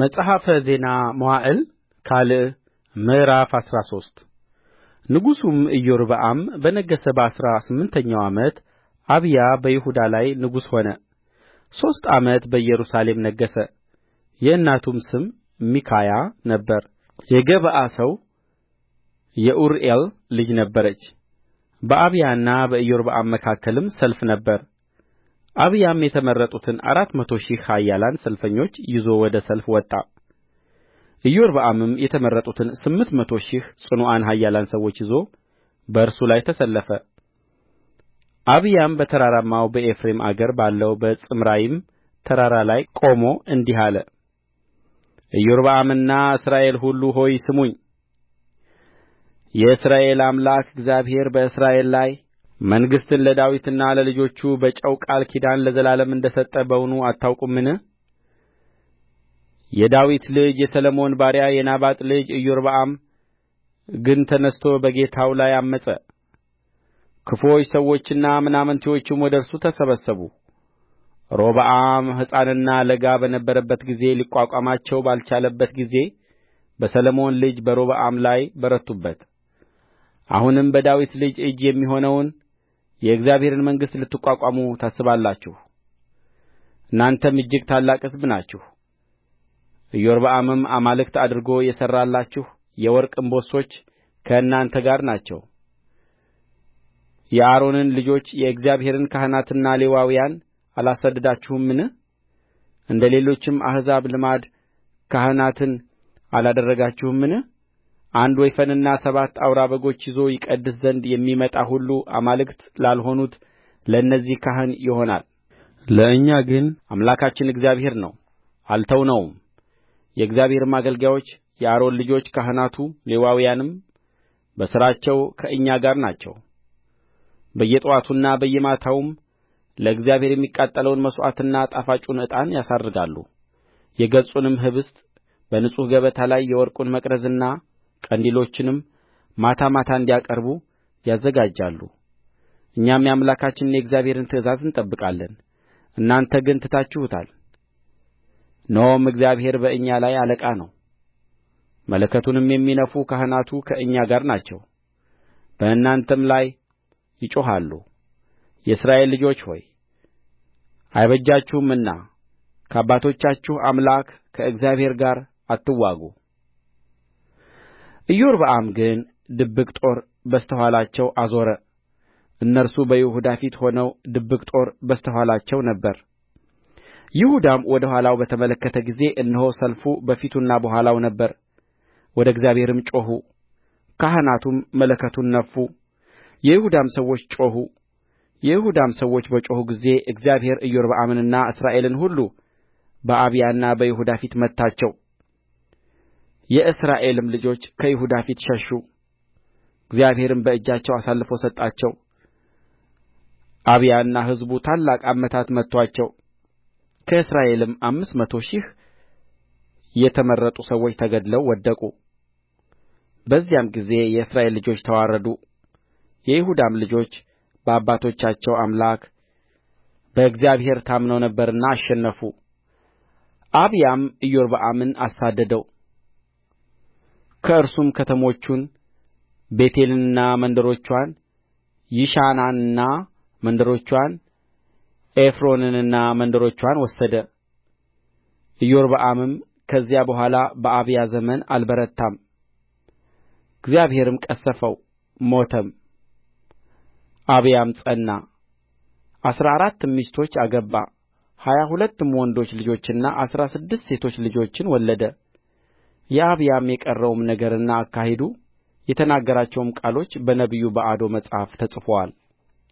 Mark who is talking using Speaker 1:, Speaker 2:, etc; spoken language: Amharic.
Speaker 1: መጽሐፈ ዜና መዋዕል ካልዕ ምዕራፍ አስራ ሶስት ንጉሡም ኢዮርብዓም በነገሠ በአሥራ ስምንተኛው ዓመት አብያ በይሁዳ ላይ ንጉሥ ሆነ። ሦስት ዓመት በኢየሩሳሌም ነገሠ። የእናቱም ስም ሚካያ ነበር። የገብዓ ሰው የኡርኤል ልጅ ነበረች። በአብያና በኢዮርብዓም መካከልም ሰልፍ ነበር። አብያም የተመረጡትን አራት መቶ ሺህ ኃያላን ሰልፈኞች ይዞ ወደ ሰልፍ ወጣ ኢዮርብዓምም የተመረጡትን ስምንት መቶ ሺህ ጽኑዓን ኃያላን ሰዎች ይዞ በእርሱ ላይ ተሰለፈ አብያም በተራራማው በኤፍሬም አገር ባለው በጽማራይም ተራራ ላይ ቆሞ እንዲህ አለ ኢዮርብዓምና እስራኤል ሁሉ ሆይ ስሙኝ የእስራኤል አምላክ እግዚአብሔር በእስራኤል ላይ መንግሥትን ለዳዊትና ለልጆቹ በጨው ቃል ኪዳን ለዘላለም እንደ ሰጠ በውኑ አታውቁምን የዳዊት ልጅ የሰሎሞን ባሪያ የናባጥ ልጅ ኢዮርብዓም ግን ተነሥቶ በጌታው ላይ ዐመፀ ክፉዎች ሰዎችና ምናምንቴዎችም ወደ እርሱ ተሰበሰቡ ሮብዓም ሕፃንና ለጋ በነበረበት ጊዜ ሊቋቋማቸው ባልቻለበት ጊዜ በሰሎሞን ልጅ በሮብዓም ላይ በረቱበት አሁንም በዳዊት ልጅ እጅ የሚሆነውን የእግዚአብሔርን መንግሥት ልትቋቋሙ ታስባላችሁ እናንተም እጅግ ታላቅ ሕዝብ ናችሁ ኢዮርብዓምም አማልክት አድርጎ የሠራላችሁ የወርቅ እምቦሶች ከእናንተ ጋር ናቸው የአሮንን ልጆች የእግዚአብሔርን ካህናትና ሌዋውያን አላሳደዳችሁምን እንደ ሌሎችም አሕዛብ ልማድ ካህናትን አላደረጋችሁምን አንድ ወይፈንና ሰባት አውራ በጎች ይዞ ይቀድስ ዘንድ የሚመጣ ሁሉ አማልክት ላልሆኑት ለእነዚህ ካህን ይሆናል ለእኛ ግን አምላካችን እግዚአብሔር ነው አልተውነውም የእግዚአብሔርም አገልጋዮች የአሮን ልጆች ካህናቱ ሌዋውያንም በሥራቸው ከእኛ ጋር ናቸው በየጥዋቱና በየማታውም ለእግዚአብሔር የሚቃጠለውን መሥዋዕትና ጣፋጩን ዕጣን ያሳርጋሉ የገጹንም ኅብስት በንጹሕ ገበታ ላይ የወርቁን መቅረዝና ቀንዲሎችንም ማታ ማታ እንዲያቀርቡ ያዘጋጃሉ እኛም የአምላካችንን የእግዚአብሔርን ትእዛዝ እንጠብቃለን እናንተ ግን ትታችሁታል እነሆም እግዚአብሔር በእኛ ላይ አለቃ ነው መለከቱንም የሚነፉ ካህናቱ ከእኛ ጋር ናቸው በእናንተም ላይ ይጮኻሉ የእስራኤል ልጆች ሆይ አይበጃችሁምና ከአባቶቻችሁ አምላክ ከእግዚአብሔር ጋር አትዋጉ ኢዮርብዓም ግን ድብቅ ጦር በስተ ኋላቸው አዞረ እነርሱ በይሁዳ ፊት ሆነው ድብቅ ጦር በስተ ኋላቸው ነበረ ይሁዳም ወደ ኋላው በተመለከተ ጊዜ እነሆ ሰልፉ በፊቱና በኋላው ነበረ ወደ እግዚአብሔርም ጮኹ ካህናቱም መለከቱን ነፉ የይሁዳም ሰዎች ጮኹ የይሁዳም ሰዎች በጮኹ ጊዜ እግዚአብሔር ኢዮርብዓምንና እስራኤልን ሁሉ በአብያና በይሁዳ ፊት መታቸው የእስራኤልም ልጆች ከይሁዳ ፊት ሸሹ እግዚአብሔርም በእጃቸው አሳልፎ ሰጣቸው አብያና ሕዝቡ ታላቅ አመታት መቱአቸው ከእስራኤልም አምስት መቶ ሺህ የተመረጡ ሰዎች ተገድለው ወደቁ በዚያም ጊዜ የእስራኤል ልጆች ተዋረዱ የይሁዳም ልጆች በአባቶቻቸው አምላክ በእግዚአብሔር ታምነው ነበርና አሸነፉ አብያም ኢዮርብዓምን አሳደደው ከእርሱም ከተሞቹን ቤቴልንና መንደሮችዋን ይሻናንና መንደሮችዋን ኤፍሮንንና መንደሮችዋን ወሰደ ኢዮርብዓምም ከዚያ በኋላ በአብያ ዘመን አልበረታም እግዚአብሔርም ቀሠፈው ሞተም አብያም ጸና አሥራ አራትም ሚስቶች አገባ ሀያ ሁለትም ወንዶች ልጆችንና አሥራ ስድስት ሴቶች ልጆችን ወለደ የአብያም የቀረውም ነገርና አካሄዱ የተናገራቸውም ቃሎች በነቢዩ በአዶ መጽሐፍ ተጽፈዋል